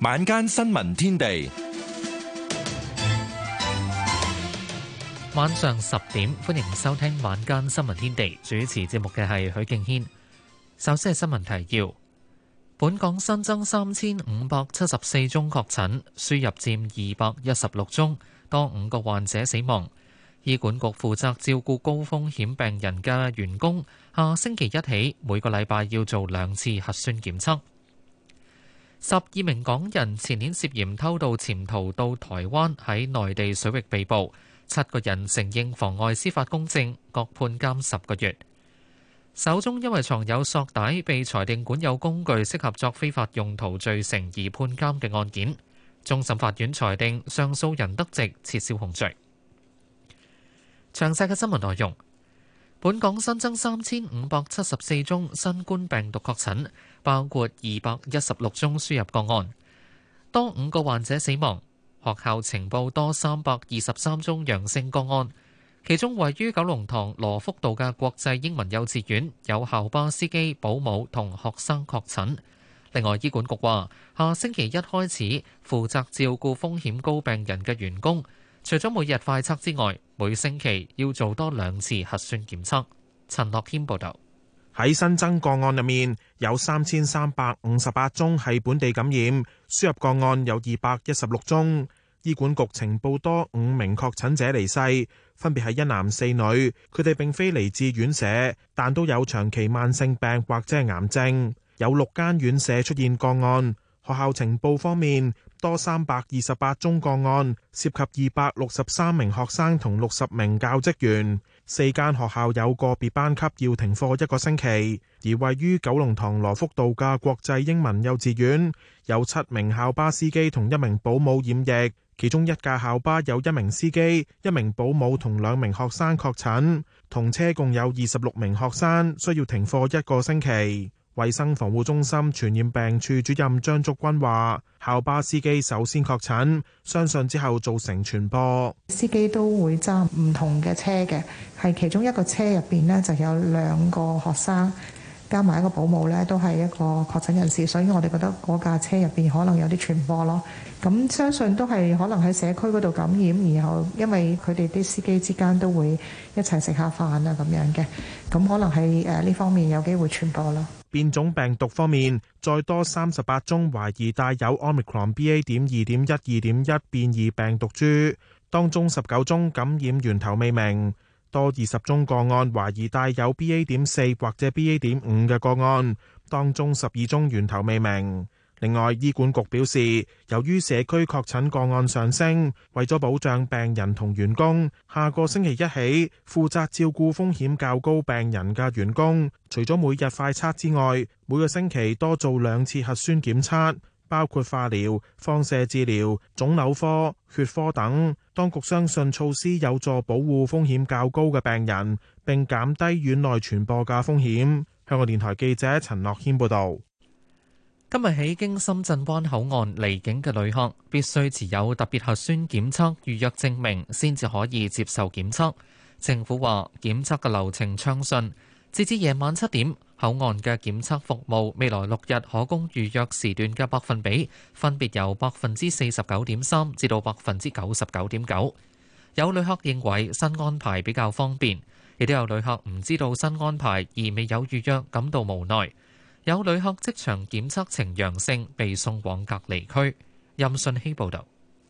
晚間新聞天地，晚上十點歡迎收聽晚間新聞天地，主持節目嘅係許敬軒。首先係新聞提要：本港新增三千五百七十四宗確診，輸入佔二百一十六宗，多五個患者死亡。醫管局負責照顧高風險病人嘅員工，下星期一起每個禮拜要做兩次核酸檢測。十二名港人前年涉嫌偷渡潛逃到台灣，喺內地水域被捕。七個人承認妨礙司法公正，各判監十個月。首宗因為藏有索帶，被裁定管有工具，適合作非法用途罪成，而判監嘅案件，終審法院裁定上訴人得直，撤銷控罪。詳細嘅新聞內容。本港新增三千五百七十四宗新冠病毒確診，包括二百一十六宗輸入個案，多五個患者死亡。學校呈報多三百二十三宗陽性個案，其中位於九龍塘羅福道嘅國際英文幼稚園有校巴司機保姆同學生確診。另外，醫管局話下星期一開始，負責照顧風險高病人嘅員工。除咗每日快測之外，每星期要做多兩次核酸檢測。陳樂謙報道，喺新增個案入面，有三千三百五十八宗係本地感染，輸入個案有二百一十六宗。醫管局情報多五名確診者離世，分別係一男四女，佢哋並非嚟自院舍，但都有長期慢性病或者係癌症。有六間院舍出現個案。學校情報方面，多三百二十八宗個案，涉及二百六十三名學生同六十名教職員。四間學校有個別班級要停課一個星期。而位於九龍塘羅福道嘅國際英文幼稚園，有七名校巴司機同一名保姆染疫，其中一架校巴有一名司機、一名保姆同兩名學生確診，同車共有二十六名學生需要停課一個星期。衛生防護中心傳染病處主任張竹君話：校巴司機首先確診，相信之後造成傳播。司機都會揸唔同嘅車嘅，係其中一個車入邊呢就有兩個學生加埋一個保姆呢都係一個確診人士，所以我哋覺得嗰架車入邊可能有啲傳播咯。咁相信都係可能喺社區嗰度感染，然後因為佢哋啲司機之間都會一齊食下飯啊，咁樣嘅，咁可能喺誒呢方面有機會傳播咯。變種病毒方面，再多三十八宗懷疑帶有 Omicron BA. 點二點一、二點一變異病毒株，當中十九宗感染源頭未明；多二十宗個案懷疑帶有 BA. 點四或者 BA. 點五嘅個案，當中十二宗源頭未明。另外，醫管局表示，由於社區確診個案上升，為咗保障病人同員工，下個星期一起負責照顧風險較高病人嘅員工，除咗每日快測之外，每個星期多做兩次核酸檢測，包括化療、放射治療、腫瘤科、血科等。當局相信措施有助保護風險較高嘅病人，並減低院內傳播嘅風險。香港電台記者陳樂謙報道。今日起，經深圳灣口岸離境嘅旅客必須持有特別核酸檢測預約證明，先至可以接受檢測。政府話檢測嘅流程暢順。截至夜晚七點，口岸嘅檢測服務未來六日可供預約時段嘅百分比分別，分別由百分之四十九點三至到百分之九十九點九。有旅客認為新安排比較方便，亦都有旅客唔知道新安排而未有預約，感到無奈。有旅客即場檢測呈陽性，被送往隔離區。任信希報導。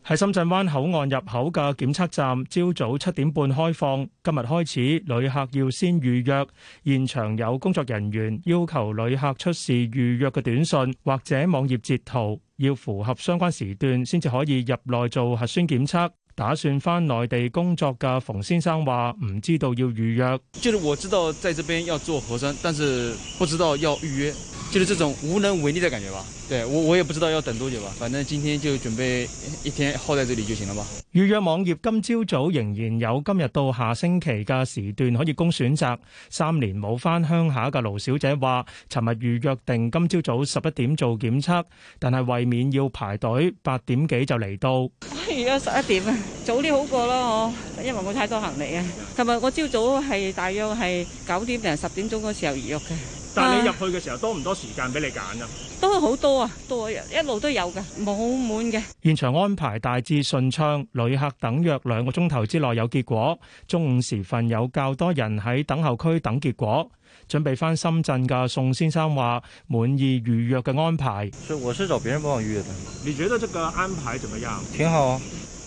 喺深圳灣口岸入口嘅檢測站，朝早七點半開放。今日開始，旅客要先預約，現場有工作人員要求旅客出示預約嘅短信或者網頁截圖，要符合相關時段先至可以入內做核酸檢測。打算翻內地工作嘅馮先生話：唔知道要預約。就是我知道在這邊要做核酸，但是不知道要預約，就是這種無能為力的感覺吧。對我我也不知道要等多久吧，反正今天就準備一天耗在這裡就行了吧。預約網頁今朝早仍然有今日到下星期嘅時段可以供選擇。三年冇翻鄉下嘅盧小姐話：尋日預約定今朝早十一點做檢測，但係為免要排隊，八點幾就嚟到。而家十一點啊，早啲好過咯，我，因為冇太多行李啊。同埋我朝早係大約係九點定十點鐘嗰時候預約嘅。但係你入去嘅時候多唔多時間俾你揀啊？都好多啊，多一路都有㗎，冇滿嘅。現場安排大致順暢，旅客等約兩個鐘頭之內有結果。中午時分有較多人喺等候區等結果。準備翻深圳嘅宋先生話滿意預約嘅安排。我是找別人幫我預約嘅。你覺得這個安排怎麼樣？挺好啊，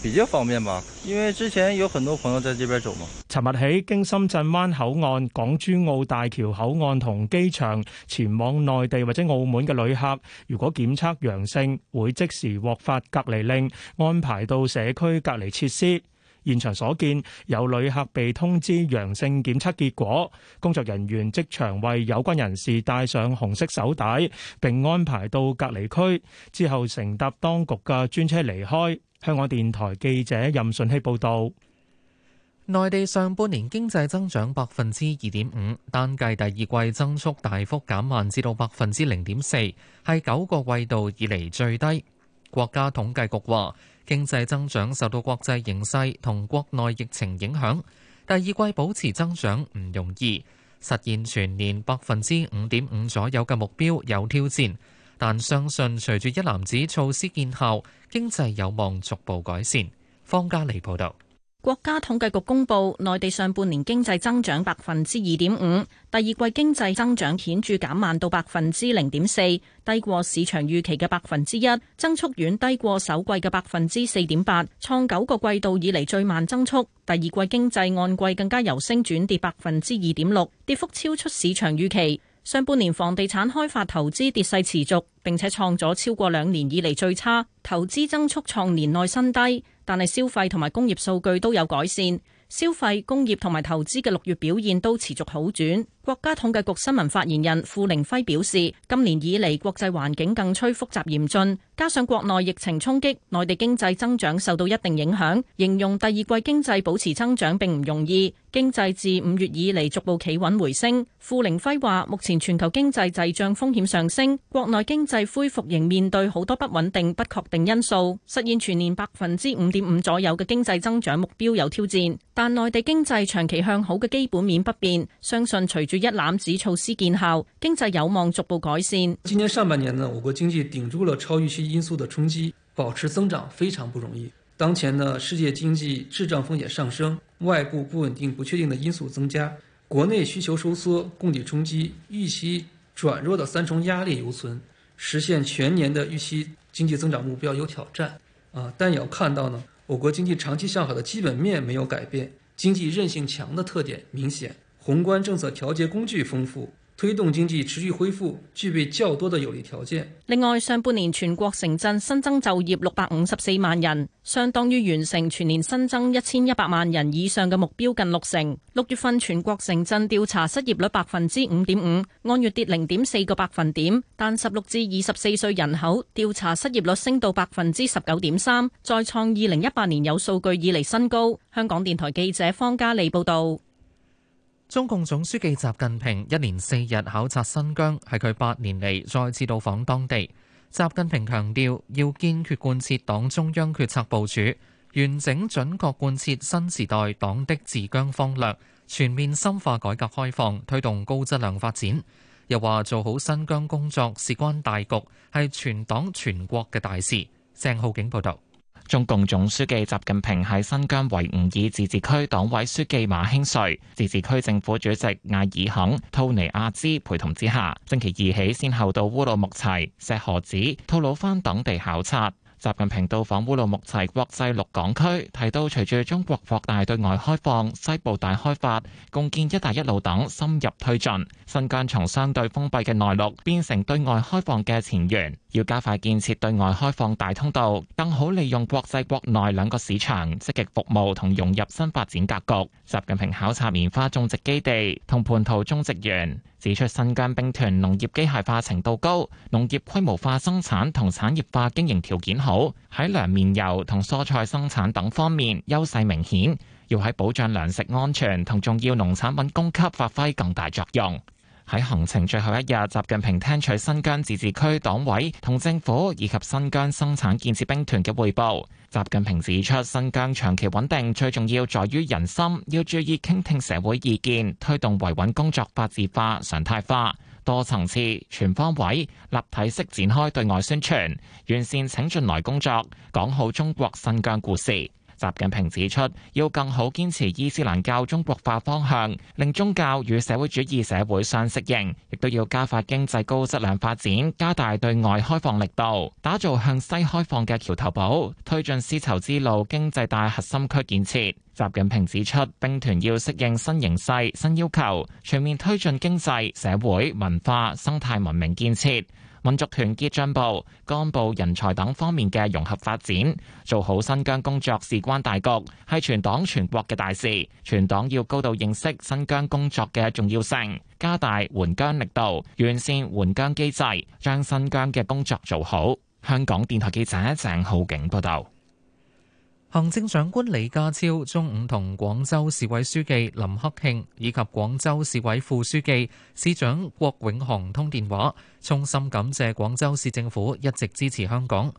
比較方便吧。因為之前有很多朋友在這邊走嘛。尋日起，經深圳灣口岸、港珠澳大橋口岸同機場前往內地或者澳門嘅旅客，如果檢測陽性，會即時獲發隔離令，安排到社區隔離設施。現場所見，有旅客被通知陽性檢測結果，工作人員即場為有關人士戴上紅色手帶，並安排到隔離區，之後乘搭當局嘅專車離開。香港電台記者任順希報導，內地上半年經濟增長百分之二點五，單計第二季增速大幅減慢至到百分之零點四，係九個季度以嚟最低。國家統計局話，經濟增長受到國際形勢同國內疫情影響，第二季保持增長唔容易，實現全年百分之五點五左右嘅目標有挑戰，但相信隨住一籃子措施見效，經濟有望逐步改善。方家莉報道。國家統計局公布，內地上半年經濟增長百分之二點五，第二季經濟增長顯著減慢到百分之零點四，低過市場預期嘅百分之一，增速遠低過首季嘅百分之四點八，創九個季度以嚟最慢增速。第二季經濟按季更加由升轉跌百分之二點六，跌幅超出市場預期。上半年房地產開發投資跌勢持續，並且創咗超過兩年以嚟最差，投資增速創年內新低。但係消費同埋工業數據都有改善，消費、工業同埋投資嘅六月表現都持續好轉。國家統計局新聞發言人付凌暉表示，今年以嚟國際環境更趨複雜嚴峻，加上國內疫情衝擊，內地經濟增長受到一定影響。形容第二季經濟保持增長並唔容易，經濟自五月以嚟逐步企穩回升。付凌暉話：目前全球經濟滯脹風險上升，國內經濟恢復仍面對好多不穩定、不確定因素，實現全年百分之五點五左右嘅經濟增長目標有挑戰。但內地經濟長期向好嘅基本面不變，相信隨住一攬子措施見效，經濟有望逐步改善。今年上半年呢，我國經濟頂住了超預期因素的衝擊，保持增長非常不容易。當前呢，世界經濟滯脹風險上升，外部不穩定、不確定的因素增加，國內需求收縮、供給衝擊、預期轉弱的三重壓力猶存，實現全年的預期經濟增長目標有挑戰。啊，但也要看到呢，我國經濟長期向好的基本面沒有改變，經濟韌性強的特點明顯。宏觀政策調節工具豐富，推動經濟持續恢復，具備較多的有利條件。另外，上半年全國城鎮新增就業六百五十四萬人，相當於完成全年新增一千一百萬人以上嘅目標近六成。六月份全國城鎮調查失業率百分之五點五，按月跌零點四個百分點，但十六至二十四歲人口調查失業率升到百分之十九點三，再創二零一八年有數據以嚟新高。香港電台記者方嘉莉報道。中共總書記習近平一連四日考察新疆，係佢八年嚟，再次到訪當地。習近平強調要堅決貫徹黨中央決策部署，完整準確貫徹新時代黨的治疆方略，全面深化改革開放，推動高質量發展。又話做好新疆工作事關大局，係全黨全國嘅大事。鄭浩景報道。中共總書記習近平喺新疆維吾爾自治區黨委書記馬興瑞、自治區政府主席艾爾肯·吐尼亞孜陪同之下，星期二起先後到烏魯木齊、石河子、吐魯番等地考察。習近平到訪烏魯木齊國際陸港區，提到隨住中國擴大對外開放、西部大開發、共建“一帶一路”等深入推進，新疆從相對封閉嘅內陸變成對外開放嘅前沿，要加快建設對外開放大通道，更好利用國際國內兩個市場，積極服務同融入新發展格局。習近平考察棉花種植基地同蟠桃種植園。指出新疆兵團農業機械化程度高，農業規模化生產同產業化經營條件好，喺糧棉油同蔬菜生產等方面優勢明顯，要喺保障糧食安全同重要農產品供給發揮更大作用。喺行程最後一日，習近平聽取新疆自治區黨委同政府以及新疆生產建設兵團嘅彙報。習近平指出，新疆長期穩定最重要在於人心，要注意傾聽社會意見，推動維穩工作法治化、常態化、多層次、全方位、立體式展開對外宣傳，完善請進來工作，講好中國新疆故事。習近平指出，要更好堅持伊斯蘭教中國化方向，令宗教與社會主義社會相適應，亦都要加快經濟高質量發展，加大對外開放力度，打造向西開放嘅橋頭堡，推進絲綢之路經濟帶核心區建設。習近平指出，兵團要適應新形勢、新要求，全面推進經濟、社會、文化、生態文明建設。民族團結進步、幹部人才等方面嘅融合發展，做好新疆工作事關大局，係全黨全國嘅大事，全黨要高度認識新疆工作嘅重要性，加大援疆力度，完善援疆機制，將新疆嘅工作做好。香港電台記者鄭浩景報道。行政長官李家超中午同廣州市委書記林克慶以及廣州市委副書記、市長郭永航通電話，衷心感謝廣州市政府一直支持香港。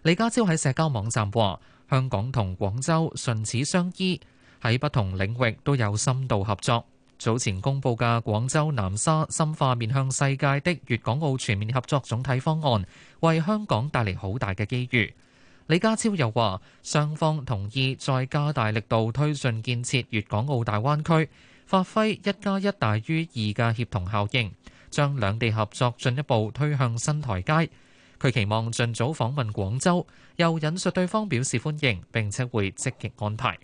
李家超喺社交網站話：香港同廣州唇齒相依，喺不同領域都有深度合作。早前公布嘅廣州南沙深化面向世界的粵港澳全面合作總體方案，為香港帶嚟好大嘅機遇。李家超又話，雙方同意再加大力度推進建設粵港澳大灣區，發揮一加一大於二嘅協同效應，將兩地合作進一步推向新台階。佢期望盡早訪問廣州，又引述對方表示歡迎，並且會積極安排。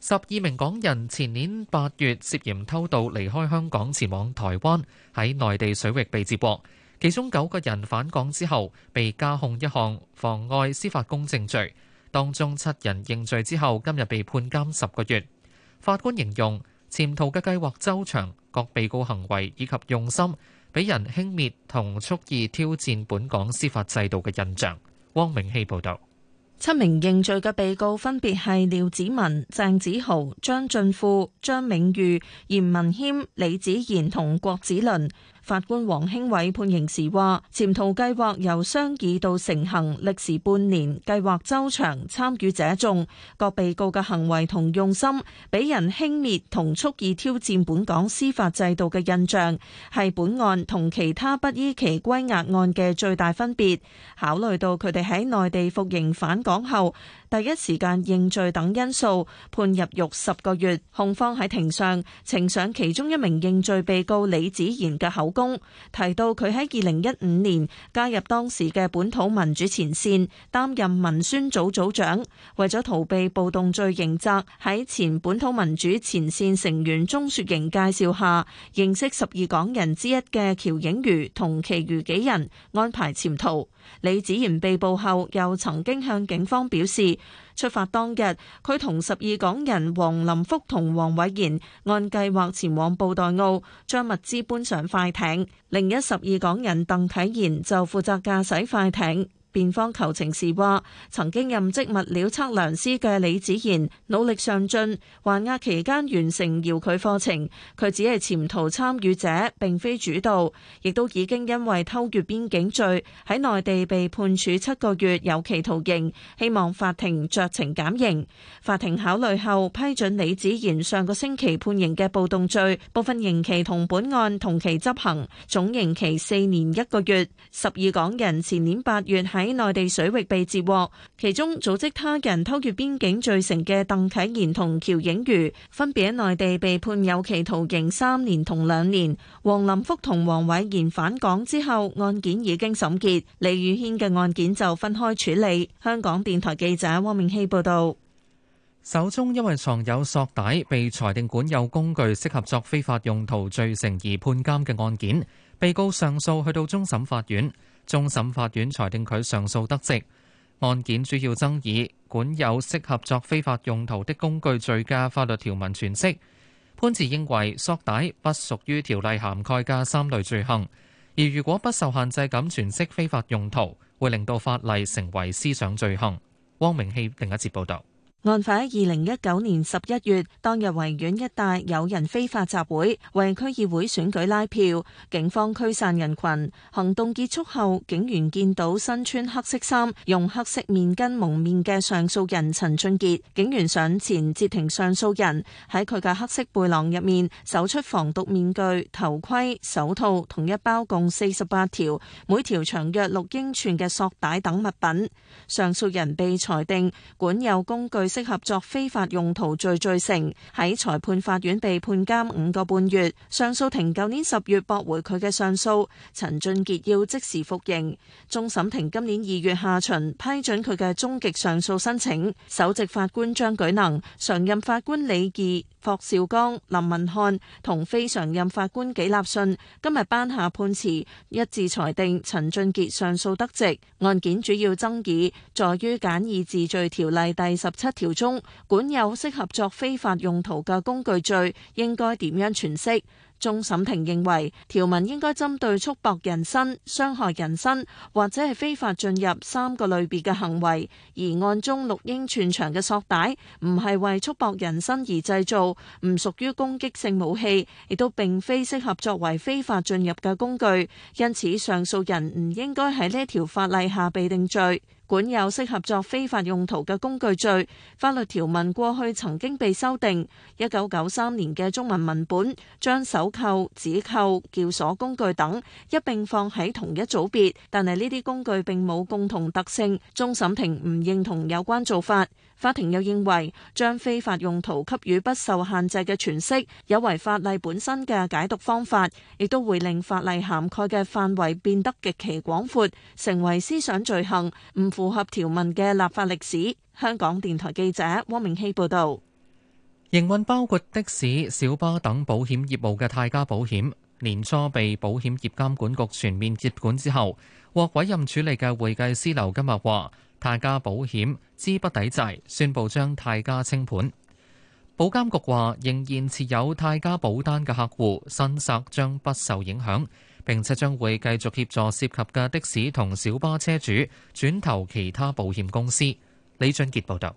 十二名港人前年八月涉嫌偷渡離開香港，前往台灣，喺內地水域被截獲。其中九個人返港之後，被加控一項妨礙司法公正罪。當中七人認罪之後，今日被判監十個月。法官形容潛逃嘅計劃周詳，各被告行為以及用心，俾人輕蔑同蓄意挑戰本港司法制度嘅印象。汪明熙報導。七名認罪嘅被告分別係廖子文、鄭子豪、張俊富、張銘裕、嚴文謙、李子賢同郭子麟。法官黃興偉判刑時話，潛逃計劃由商議到成行，歷時半年，計劃周詳，參與者眾。各被告嘅行為同用心，俾人輕蔑同蓄意挑戰本港司法制度嘅印象，係本案同其他不依期歸押案嘅最大分別。考慮到佢哋喺內地服刑返港後，第一時間認罪等因素，判入獄十個月。控方喺庭上呈上其中一名認罪被告李子賢嘅口供，提到佢喺二零一五年加入當時嘅本土民主前線，擔任民宣組組長。為咗逃避暴動罪刑責，喺前本土民主前線成員鍾雪瑩介紹下，認識十二港人之一嘅喬影如，同其餘幾人安排潛逃。李子賢被捕後，又曾經向警方表示，出發當日佢同十二港人黃林福同黃偉賢按計劃前往布袋澳，將物資搬上快艇，另一十二港人鄧啟賢就負責駕駛快艇。辯方求情時話，曾經任職物料測量師嘅李子賢努力上進，還押期間完成遙距課程。佢只係潛逃參與者，並非主導，亦都已經因為偷越邊境罪喺內地被判處七個月有期徒刑，希望法庭酌情減刑。法庭考慮後批准李子賢上個星期判刑嘅暴動罪，部分刑期同本案同期執行，總刑期四年一個月。十二港人前年八月喺喺內地水域被截獲，其中組織他人偷越邊境罪成嘅鄧啟賢同喬影如，分別喺內地被判有期徒刑三年同兩年。黃林福同黃偉賢返港之後，案件已經審結。李宇軒嘅案件就分開處理。香港電台記者汪明希報道，首宗因為藏有索帶被裁定管有工具適合作非法用途罪成而判監嘅案件，被告上訴去到終審法院。終審法院裁定佢上訴得直。案件主要爭議管有適合作非法用途的工具罪嘅法律條文詮釋。潘治認為，索帶不屬於條例涵蓋嘅三類罪行，而如果不受限制咁詮釋非法用途，會令到法例成為思想罪行。汪明希另一節報導。案發喺二零一九年十一月，當日維園一帶有人非法集會，為區議會選舉拉票，警方驅散人群。行動結束後，警員見到身穿黑色衫、用黑色面巾蒙面嘅上訴人陳俊傑，警員上前截停上訴人，喺佢嘅黑色背囊入面搜出防毒面具、頭盔、手套同一包共四十八條，每條長約六英寸嘅索帶等物品。上訴人被裁定管有工具。適合作非法用途罪罪成，喺裁判法院被判監五個半月。上訴庭舊年十月駁回佢嘅上訴，陳俊傑要即時服刑。終審庭今年二月下旬批准佢嘅終極上訴申請。首席法官張舉能、常任法官李義、霍兆剛、林文瀚同非常任法官紀立信今日頒下判詞，一致裁定陳俊傑上訴得直。案件主要爭議在於《簡易治罪條例》第十七條中，管有適合作非法用途嘅工具罪應該點樣詮釋。中審庭認為，條文應該針對束薄人身、傷害人身或者係非法進入三個類別嘅行為，而案中錄音全長嘅索帶唔係為束薄人身而製造，唔屬於攻擊性武器，亦都並非適合作為非法進入嘅工具，因此上訴人唔應該喺呢一條法例下被定罪。管有適合作非法用途嘅工具罪法律條文過去曾經被修訂，一九九三年嘅中文文本將手扣、指扣、撬鎖工具等一並放喺同一組別，但係呢啲工具並冇共同特性。終審庭唔認同有關做法，法庭又認為將非法用途給予不受限制嘅詮釋，有違法例本身嘅解讀方法，亦都會令法例涵蓋嘅範圍變得極其廣闊，成為思想罪行。唔符合條文嘅立法歷史。香港電台記者汪明希報導。營運包括的士、小巴等保險業務嘅泰加保險，年初被保險業監管局全面接管之後，獲委任處理嘅會計師劉金日話：泰加保險資不抵債，宣佈將泰加清盤。保監局話，仍然持有泰加保單嘅客戶，申索將不受影響。並且將會繼續協助涉及嘅的，的士同小巴車主轉投其他保險公司。李俊傑報導，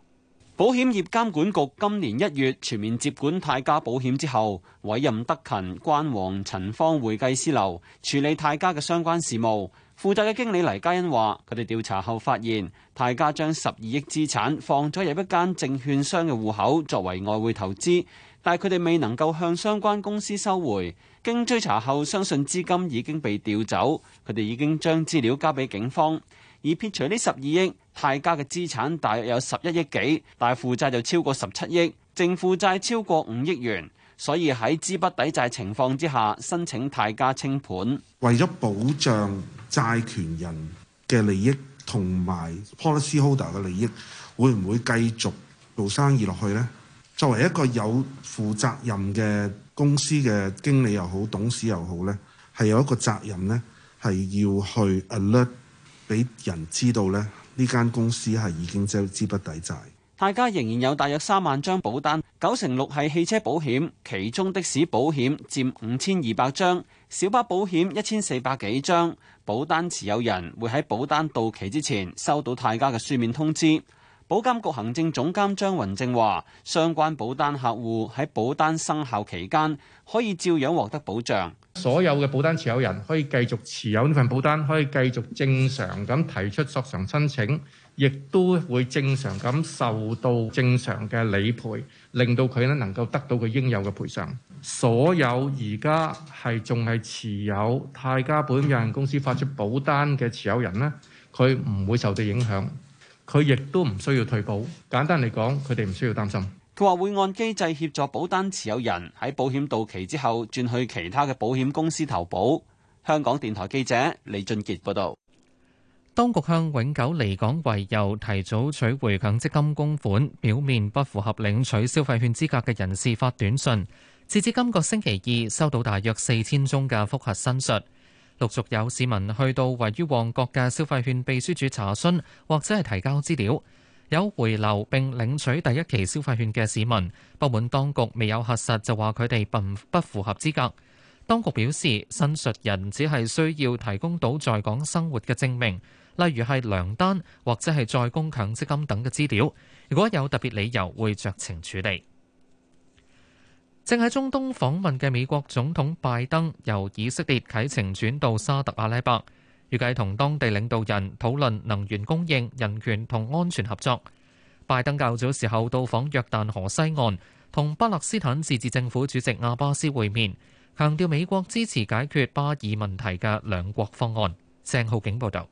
保險業監管局今年一月全面接管泰家保險之後，委任德勤、關黃、陳方會計師樓處理泰家嘅相關事務。負責嘅經理黎嘉欣話，佢哋調查後發現，泰家將十二億資產放咗入一間證券商嘅戶口，作為外匯投資。但係佢哋未能夠向相關公司收回，經追查後相信資金已經被調走，佢哋已經將資料交俾警方，而撇除呢十二億泰加嘅資產，大約有十一億幾，但係負債就超過十七億，淨負債超過五億元，所以喺資不抵債情況之下，申請泰加清盤。為咗保障債權人嘅利益同埋 policyholder 嘅利益，會唔會繼續做生意落去呢？作為一個有負責任嘅公司嘅經理又好，董事又好呢，係有一個責任呢，係要去 alert 俾人知道咧，呢間公司係已經將資不抵債。泰家仍然有大約三萬張保單，九成六係汽車保險，其中的士保險佔五千二百張，小巴保險一千四百幾張。保單持有人會喺保單到期之前收到泰家嘅書面通知。保監局行政總監張雲正話，相關保單客戶喺保單生效期間可以照樣獲得保障。所有嘅保單持有人可以繼續持有呢份保單，可以繼續正常咁提出索償申請，亦都會正常咁受到正常嘅理賠，令到佢咧能夠得到佢應有嘅賠償。所有而家係仲係持有泰嘉保險有限公司發出保單嘅持有人咧，佢唔會受到影響。佢亦都唔需要退保，簡單嚟講，佢哋唔需要擔心。佢話會按機制協助保單持有人喺保險到期之後轉去其他嘅保險公司投保。香港電台記者李俊傑報導。當局向永久離港為由提早取回強積金供款，表面不符合領取消費券資格嘅人士發短信，截至今個星期二收到大約四千宗嘅覆核申述。陸續有市民去到位於旺角嘅消費券秘書處查詢，或者係提交資料有回流並領取第一期消費券嘅市民，不滿當局未有核實，就話佢哋並不符合資格。當局表示，申述人只係需要提供到在港生活嘅證明，例如係糧單或者係在工強積金等嘅資料。如果有特別理由，會酌情處理。正喺中東訪問嘅美國總統拜登由以色列啟程轉到沙特阿拉伯，預計同當地領導人討論能源供應、人權同安全合作。拜登較早時候到訪約旦河西岸，同巴勒斯坦自治政府主席阿巴斯會面，強調美國支持解決巴以問題嘅兩國方案。鄭浩景報道。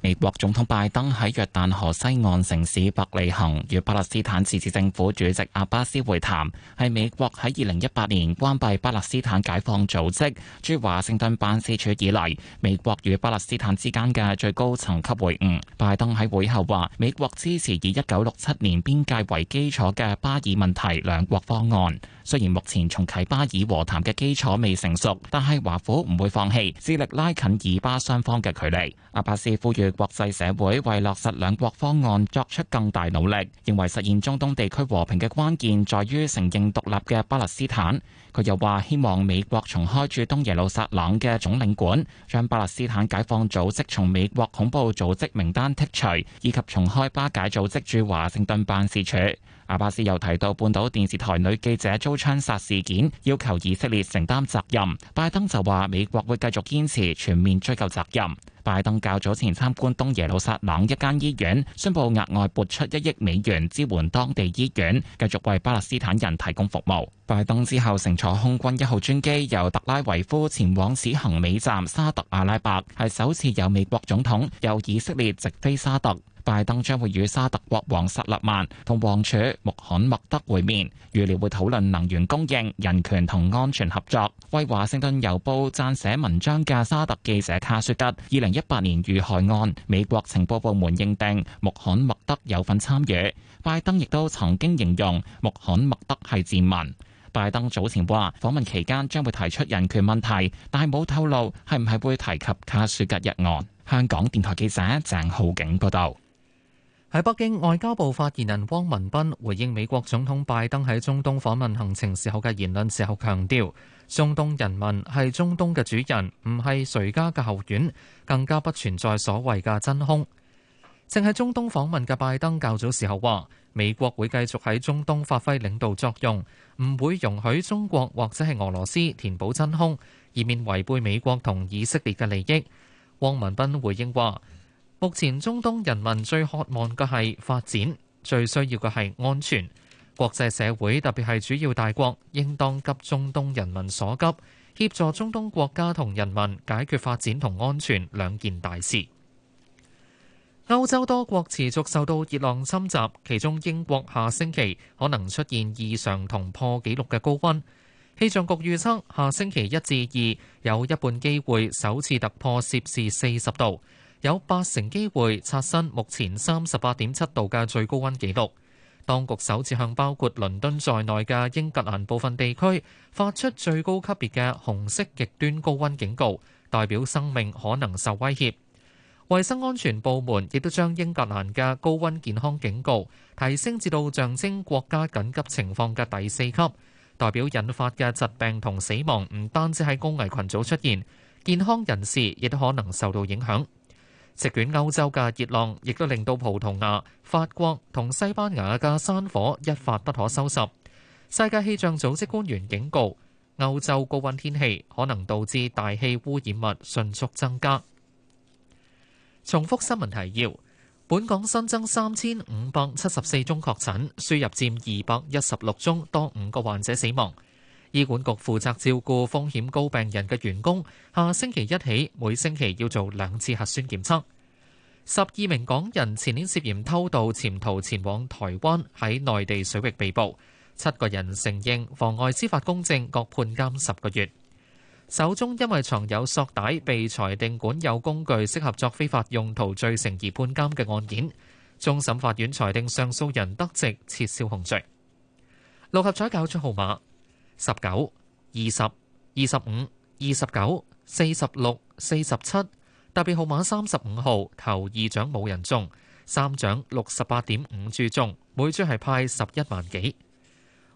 美國總統拜登喺約旦河西岸城市伯利恆與巴勒斯坦自治政府主席阿巴斯會談，係美國喺二零一八年關閉巴勒斯坦解放組織駐華盛頓辦事處以嚟，美國與巴勒斯坦之間嘅最高層級會晤。拜登喺會後話：美國支持以一九六七年邊界為基礎嘅巴以問題兩國方案。雖然目前重啟巴以和談嘅基礎未成熟，但係華府唔會放棄，致力拉近以巴雙方嘅距離。阿巴斯呼籲國際社會為落實兩國方案作出更大努力，認為實現中東地區和平嘅關鍵在於承認獨立嘅巴勒斯坦。佢又話希望美國重開駐東耶路撒冷嘅總領館，將巴勒斯坦解放組織從美國恐怖組織名單剔除，以及重開巴解組織駐華盛頓辦事處。阿巴斯又提到，半島電視台女記者遭槍殺事件，要求以色列承擔責任。拜登就話美國會繼續堅持全面追究責任。拜登較早前參觀東耶路撒冷一間醫院，宣布額外撥出一億美元支援當地醫院，繼續為巴勒斯坦人提供服務，拜登之後乘坐空軍一號專機由特拉維夫前往此行尾站沙特阿拉伯，係首次由美國總統由以色列直飛沙特。拜登將會與沙特國王薩勒曼同王儲穆罕默德會面，預料會討論能源供應、人權同安全合作。為《華盛頓郵報》撰寫文章嘅沙特記者卡舒吉，二零一八年遇害案，美國情報部門認定穆罕默德有份參與。拜登亦都曾經形容穆罕默德係賤民。拜登早前話訪問期間將會提出人權問題，但係冇透露係唔係會提及卡舒吉一案。香港電台記者鄭浩景報道。喺北京，外交部發言人汪文斌回應美國總統拜登喺中東訪問行程時候嘅言論時候，強調，中東人民係中東嘅主人，唔係誰家嘅後院，更加不存在所謂嘅真空。正喺中東訪問嘅拜登較早時候話，美國會繼續喺中東發揮領導作用，唔會容許中國或者係俄羅斯填補真空，以免違背美國同以色列嘅利益。汪文斌回應話。目前，中東人民最渴望嘅係發展，最需要嘅係安全。國際社會，特別係主要大國，應當急中東人民所急，協助中東國家同人民解決發展同安全兩件大事。歐洲多國持續受到熱浪侵襲，其中英國下星期可能出現異常同破紀錄嘅高溫。氣象局預測，下星期一至二有一半機會首次突破攝氏四十度。有八成機會刷新目前三十八點七度嘅最高温紀錄。當局首次向包括倫敦在內嘅英格蘭部分地區發出最高級別嘅紅色極端高温警告，代表生命可能受威脅。衞生安全部門亦都將英格蘭嘅高温健康警告提升至到象徵國家緊急情況嘅第四級，代表引發嘅疾病同死亡唔單止喺高危群組出現，健康人士亦都可能受到影響。席捲歐洲嘅熱浪，亦都令到葡萄牙、法國同西班牙嘅山火一發不可收拾。世界氣象組織官員警告，歐洲高温天氣可能導致大氣污染物迅速增加。重複新聞提要：本港新增三千五百七十四宗確診，輸入佔二百一十六宗，多五個患者死亡。醫管局負責照顧風險高病人嘅員工，下星期一起每星期要做兩次核酸檢測。十二名港人前年涉嫌偷渡潛逃前往台灣，喺內地水域被捕，七個人承認妨礙司法公正，各判監十個月。手中因為藏有索帶，被裁定管有工具，適合作非法用途罪成而判監嘅案件，終審法院裁定上訴人得直撤銷控罪。六合彩攪出號碼。十九、二十、二十五、二十九、四十六、四十七，特別號碼三十五號，頭二獎冇人中，三獎六十八點五注中，每注係派十一萬幾。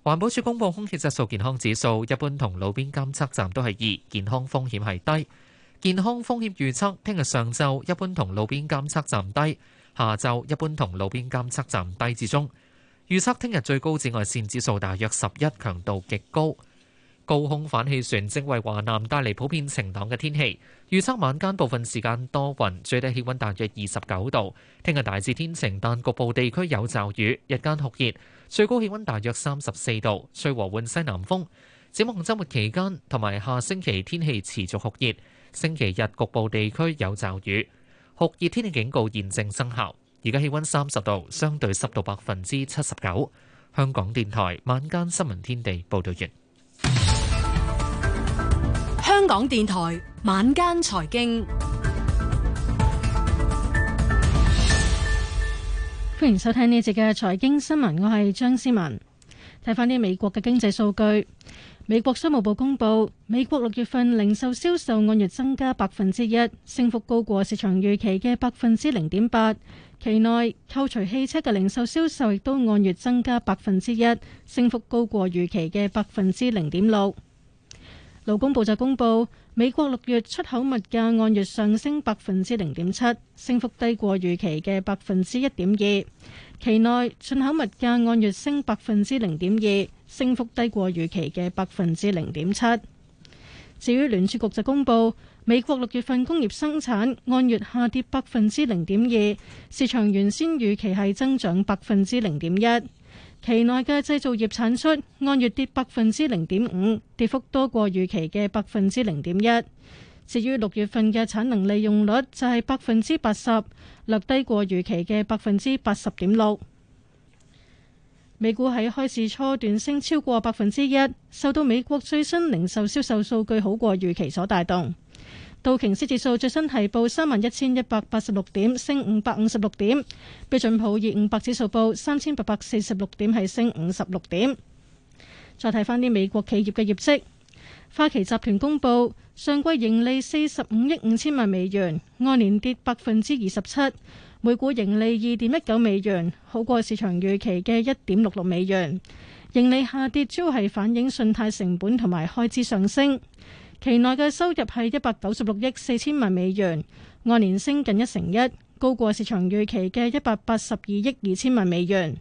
環保署公布空氣質素健康指數，一般同路邊監測站都係二，健康風險係低。健康風險預測，聽日上晝一般同路邊監測站低，下晝一般同路邊監測站低至中。預測聽日最高紫外線指數大約十一，強度極高。高空反氣旋正為華南帶嚟普遍晴朗嘅天氣。預測晚間部分時間多雲，最低氣溫大約二十九度。聽日大致天晴，但局部地區有驟雨。日間酷熱，最高氣溫大約三十四度，吹和緩西南風。展望周末期間同埋下星期天氣持續酷熱，星期日局部地區有驟雨，酷熱天氣警告現正生效。而家氣溫三十度，相對濕度百分之七十九。香港電台晚間新聞天地報道完。香港電台晚間財經，歡迎收聽呢節嘅財經新聞，我係張思文。睇翻啲美國嘅經濟數據。美國商務部公布，美國六月份零售銷售按月增加百分之一，升幅高過市場預期嘅百分之零點八。期內扣除汽車嘅零售銷售亦都按月增加百分之一，升幅高過預期嘅百分之零點六。勞工部就公布美國六月出口物價按月上升百分之零點七，升幅低過預期嘅百分之一點二。期內進口物價按月升百分之零點二，升幅低過預期嘅百分之零點七。至於聯儲局就公布。美國六月份工業生產按月下跌百分之零點二，市場原先預期係增長百分之零點一。期內嘅製造業產出按月跌百分之零點五，跌幅多過預期嘅百分之零點一。至於六月份嘅產能利用率就係百分之八十，略低過預期嘅百分之八十點六。美股喺開市初段升超過百分之一，受到美國最新零售銷售數據好過預期所帶動。道瓊斯指數最新係報三萬一千一百八十六點，升五百五十六點。標準普爾五百指數報三千八百四十六點，係升五十六點。再睇翻啲美國企業嘅業績，花旗集團公布上季盈利四十五億五千萬美元，按年跌百分之二十七，每股盈利二點一九美元，好過市場預期嘅一點六六美元。盈利下跌主要係反映信貸成本同埋開支上升。期內嘅收入係一百九十六億四千萬美元，按年升近一成一，高過市場預期嘅一百八十二億二千萬美元。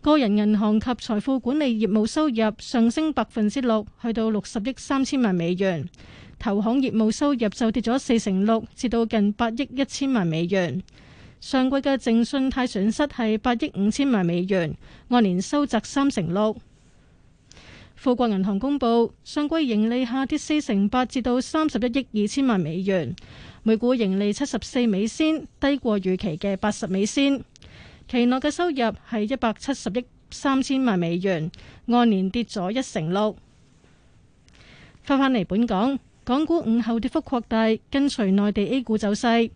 個人銀行及財富管理業務收入上升百分之六，去到六十億三千萬美元。投行業務收入就跌咗四成六，至到近八億一千萬美元。上季嘅淨信貸損失係八億五千萬美元，按年收窄三成六。富國銀行公布上季盈利下跌四成八，至到三十一億二千萬美元，每股盈利七十四美仙，低過預期嘅八十美仙。期內嘅收入係一百七十億三千萬美元，按年跌咗一成六。翻返嚟本港，港股午後跌幅擴大，跟隨內地 A 股走勢，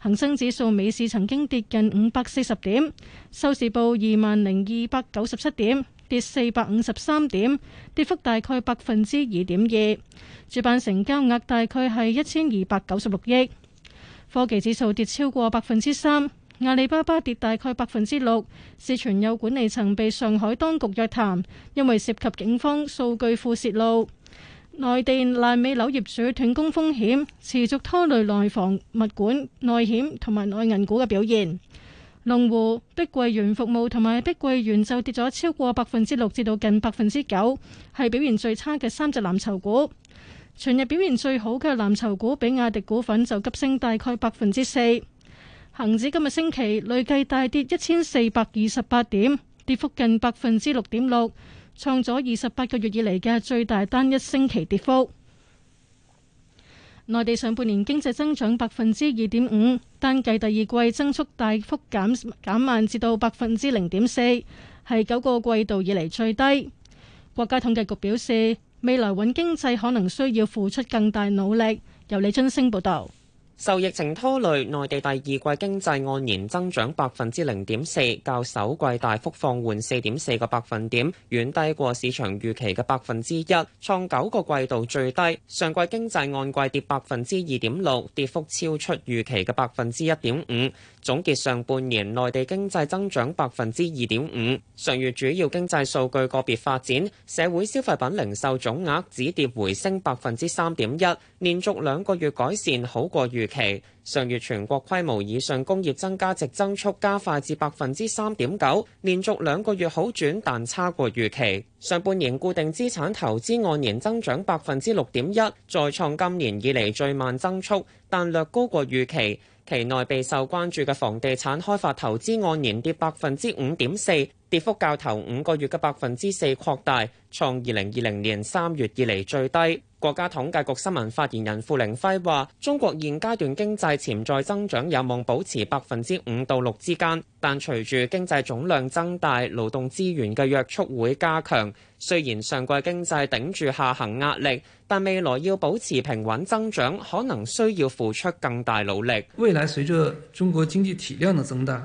恒生指數尾市曾經跌近五百四十點，收市報二萬零二百九十七點。跌四百五十三點，跌幅大概百分之二點二。主板成交額大概係一千二百九十六億。科技指數跌超過百分之三，阿里巴巴跌大概百分之六。市傳有管理層被上海當局約談，因為涉及警方數據庫泄露。內地爛尾樓業主斷供風險持續拖累內房、物管、內險同埋內銀股嘅表現。龍湖、碧桂園服務同埋碧桂園就跌咗超過百分之六至到近百分之九，係表現最差嘅三隻藍籌股。全日表現最好嘅藍籌股比亞迪股份就急升大概百分之四。恒指今日星期累計大跌一千四百二十八點，跌幅近百分之六點六，創咗二十八個月以嚟嘅最大單一星期跌幅。內地上半年經濟增長百分之二點五，單計第二季增速大幅減減慢至到百分之零點四，係九個季度以嚟最低。國家統計局表示，未來穩經濟可能需要付出更大努力。由李津升報導。受疫情拖累，內地第二季經濟按年增長百分之零點四，較首季大幅放緩四點四個百分點，遠低過市場預期嘅百分之一，創九個季度最低。上季經濟按季跌百分之二點六，跌幅超出預期嘅百分之一點五。總結上半年內地經濟增長百分之二點五。上月主要經濟數據個別發展，社會消費品零售總額止跌回升百分之三點一，連續兩個月改善，好過預期上月全國規模以上工業增加值增速加快至百分之三點九，連續兩個月好轉，但差過預期。上半年固定資產投資按年增長百分之六點一，再創今年以嚟最慢增速，但略高過預期。期內備受關注嘅房地產開發投資按年跌百分之五點四，跌幅較頭五個月嘅百分之四擴大，創二零二零年三月以嚟最低。國家統計局新聞發言人付凌暉話，中國現階段經濟潛在增長有望保持百分之五到六之間，但隨住經濟總量增大，勞動資源嘅約束會加強。雖然上季經濟頂住下行壓力，但未來要保持平穩增長，可能需要付出更大努力。未來隨着中國經濟體量嘅增大。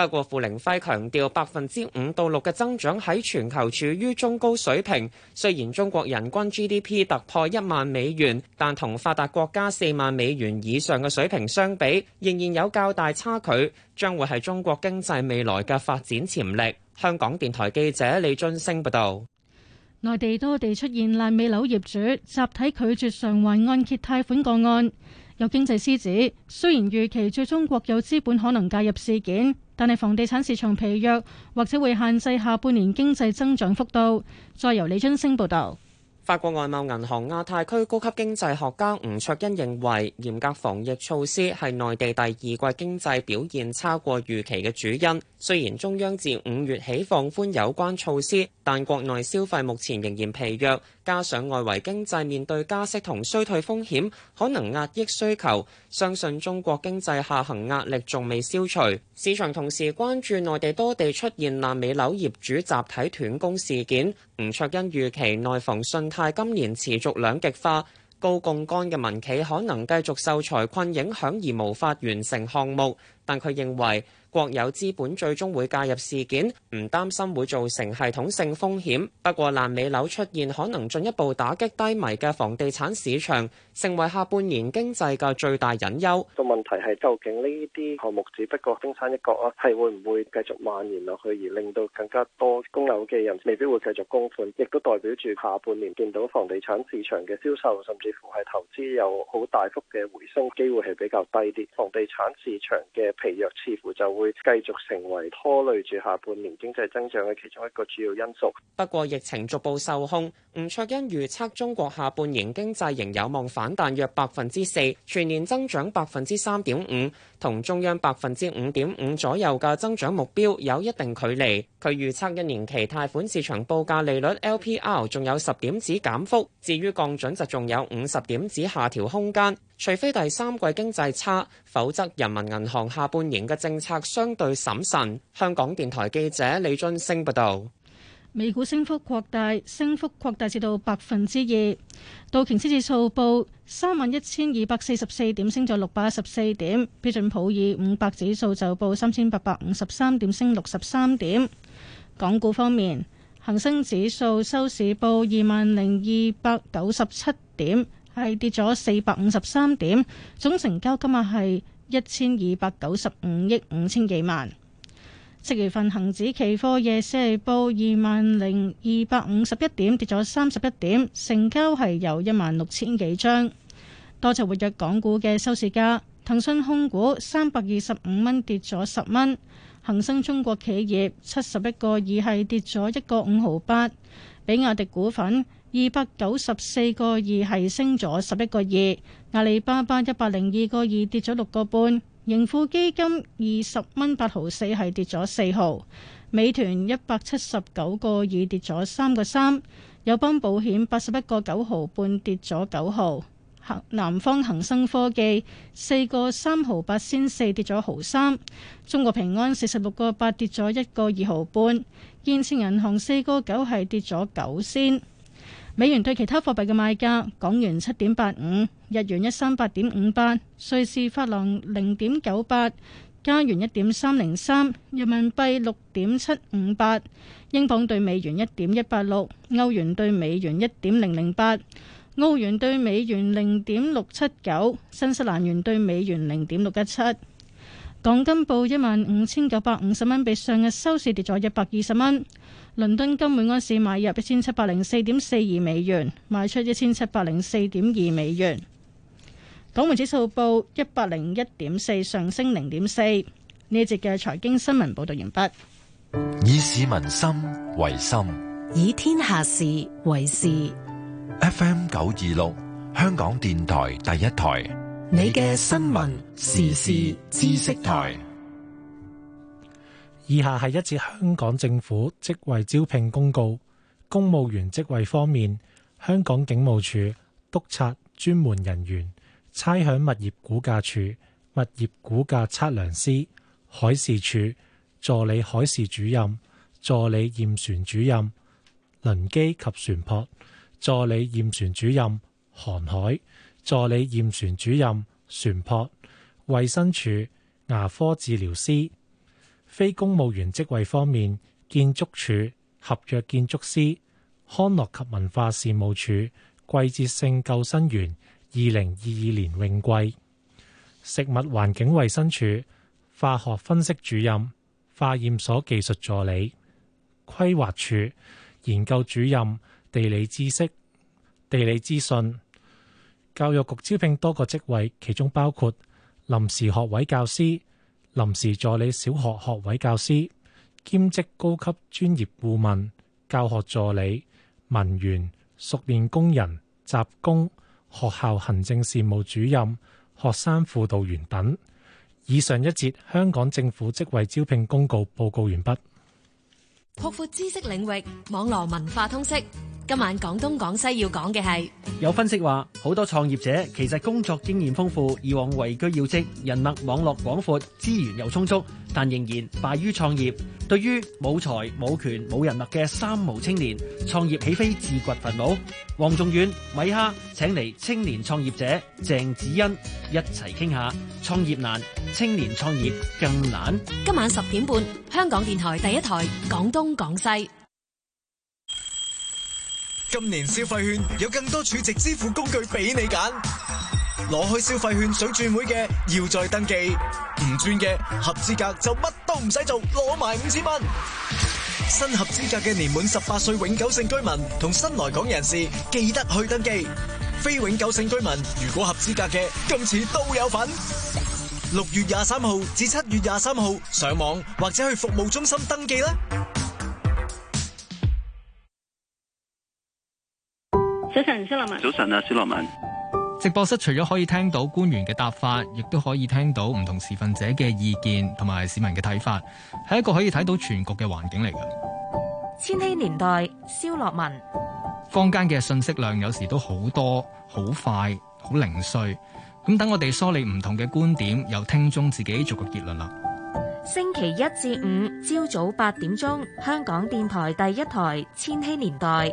不過傅玲輝強調，百分之五到六嘅增長喺全球處於中高水平。雖然中國人均 GDP 突破一萬美元，但同發達國家四萬美元以上嘅水平相比，仍然有較大差距，將會係中國經濟未來嘅發展潛力。香港電台記者李津星報道。內地多地出現爛尾樓業主集體拒絕償還按揭貸款個案，有經濟師指，雖然預期最終國有資本可能介入事件。但係，房地產市場疲弱，或者會限制下半年經濟增長幅度。再由李津升報導。法國外貿銀行亞太區高級經濟學家吳卓恩認為，嚴格防疫措施係內地第二季經濟表現差過預期嘅主因。雖然中央自五月起放寬有關措施，但國內消費目前仍然疲弱，加上外圍經濟面對加息同衰退風險，可能壓抑需求。相信中國經濟下行壓力仲未消除。市場同時關注內地多地出現爛尾樓業主集體斷供事件。吳卓恩預期內房信但今年持續兩極化，高槓桿嘅民企可能繼續受財困影響，而無法完成項目。但佢認為國有資本最終會介入事件，唔擔心會造成系統性風險。不過爛尾樓出現可能進一步打擊低迷嘅房地產市場，成為下半年經濟嘅最大隱憂個問題，係究竟呢啲項目只不過冰山一角啊，係會唔會繼續蔓延落去，而令到更加多供樓嘅人未必會繼續供款，亦都代表住下半年見到房地產市場嘅銷售甚至乎係投資有好大幅嘅回升機會係比較低啲。房地產市場嘅疲弱似乎就會繼續成為拖累住下半年經濟增長嘅其中一個主要因素。不過疫情逐步受控，吳卓欣預測中國下半年經濟仍有望反彈約百分之四，全年增長百分之三點五，同中央百分之五點五左右嘅增長目標有一定距離。佢預測一年期貸款市場報價利率 LPR 仲有十點子減幅，至於降準就仲有五十點子下調空間。除非第三季經濟差，否則人民銀行下半年嘅政策相對審慎。香港電台記者李俊升報道：美股升幅擴大，升幅擴大至到百分之二。道瓊斯指數報三萬一千二百四十四點，升咗六百一十四點。標準普爾五百指數就報三千八百五十三點，升六十三點。港股方面，恒生指數收市報二萬零二百九十七點。係跌咗四百五十三點，總成交今日係一千二百九十五億五千幾萬。七月份恒指期貨夜市係報二萬零二百五十一點，跌咗三十一點，成交係由一萬六千幾張。多隻活躍港股嘅收市價，騰訊控股三百二十五蚊跌咗十蚊，恒生中國企業七十一個二係跌咗一個五毫八，比亞迪股份。二百九十四個二係升咗十一個二，阿里巴巴一百零二個二跌咗六個半，盈富基金二十蚊八毫四係跌咗四毫，美團一百七十九個二跌咗三個三，友邦保險八十一個九毫半跌咗九毫，南方恒生科技四個三毫八仙四跌咗毫三，中國平安四十六個八跌咗一個二毫半，建設銀行四個九係跌咗九仙。美元對其他貨幣嘅賣價：港元七點八五，日元一三八點五八，瑞士法郎零點九八，加元一點三零三，人民幣六點七五八，英鎊對美元一點一八六，歐元對美元一點零零八，澳元對美元零點六七九，新西蘭元對美元零點六一七。港金報一萬五千九百五十蚊，比上日收市跌咗一百二十蚊。倫敦金每安士買入一千七百零四點四二美元，賣出一千七百零四點二美元。港元指數報一百零一點四，上升零點四。呢節嘅財經新聞報道完畢。以市民心為心，以天下事為事。FM 九二六，香港電台第一台，你嘅新聞時事知識台。以下係一次香港政府職位招聘公告。公務員職位方面，香港警務處督察專門人員、差餉物業估價處物業估價測量師、海事處助理海事主任、助理驗船主任、輪機及船舶、助理驗船主任、航海助理驗船主任、船舶、衛生署牙科治療師。非公務員職位方面，建築署合約建築師、康樂及文化事務署季節性救生員、二零二二年泳季，食物環境衛生署化學分析主任、化驗所技術助理、規劃署研究主任、地理知識、地理資訊、教育局招聘多個職位，其中包括臨時學位教師。臨時助理小學學位教師、兼職高級專業顧問、教學助理、文員、熟練工人、雜工、學校行政事務主任、學生輔導員等。以上一節香港政府職位招聘公告報告完畢。擴闊知識領域，網絡文化通識。今晚廣東廣西要講嘅係：有分析話，好多創業者其實工作經驗豐富，以往位居要職，人脈網絡廣闊，資源又充足，但仍然敗於創業。對於冇財冇權冇人脈嘅三無青年，創業豈非自掘墳墓？黃仲遠、米哈請嚟青年創業者鄭子欣一齊傾下創業難，青年創業更難。今晚十點半，香港電台第一台廣東。東港西，今年消費券有更多儲值支付工具俾你揀，攞開消費券想轉會嘅要再登記，唔轉嘅合資格就乜都唔使做，攞埋五千蚊。新合資格嘅年滿十八歲永久性居民同新來港人士記得去登記，非永久性居民如果合資格嘅今次都有份。六月廿三號至七月廿三號上網或者去服務中心登記啦。早晨，蕭樂文。早晨啊，蕭樂文。直播室除咗可以聽到官員嘅答法，亦都可以聽到唔同持份者嘅意見同埋市民嘅睇法，係一個可以睇到全局嘅環境嚟嘅。千禧年代，蕭樂文。坊間嘅信息量有時都好多、好快、好零碎，咁等我哋梳理唔同嘅觀點，由聽眾自己做個結論啦。星期一至五朝早八點鐘，香港電台第一台千禧年代。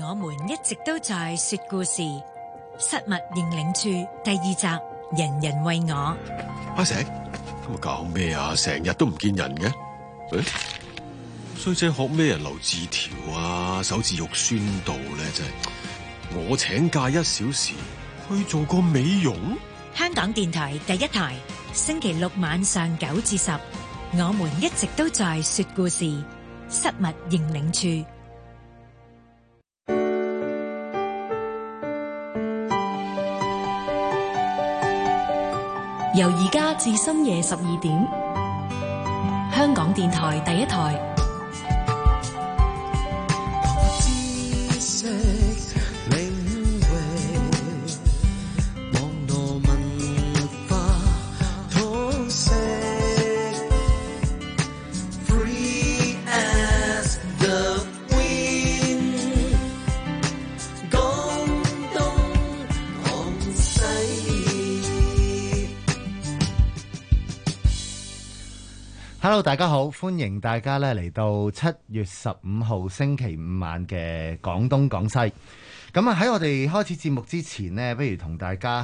我們一直都在說故事，失物認領處第二集，人人為我。阿成，今日搞咩啊？成日都唔見人嘅。誒，衰仔學咩人留字條啊？手指肉酸度咧，真係。我請假一小時去做個美容。香港電台第一台，星期六晚上九至十。我們一直都在說故事，失物認領處。由而家至深夜十二點，香港電台第一台。Hello，大家好，歡迎大家咧嚟到七月十五號星期五晚嘅廣東廣西。咁啊，喺我哋開始節目之前咧，不如同大家。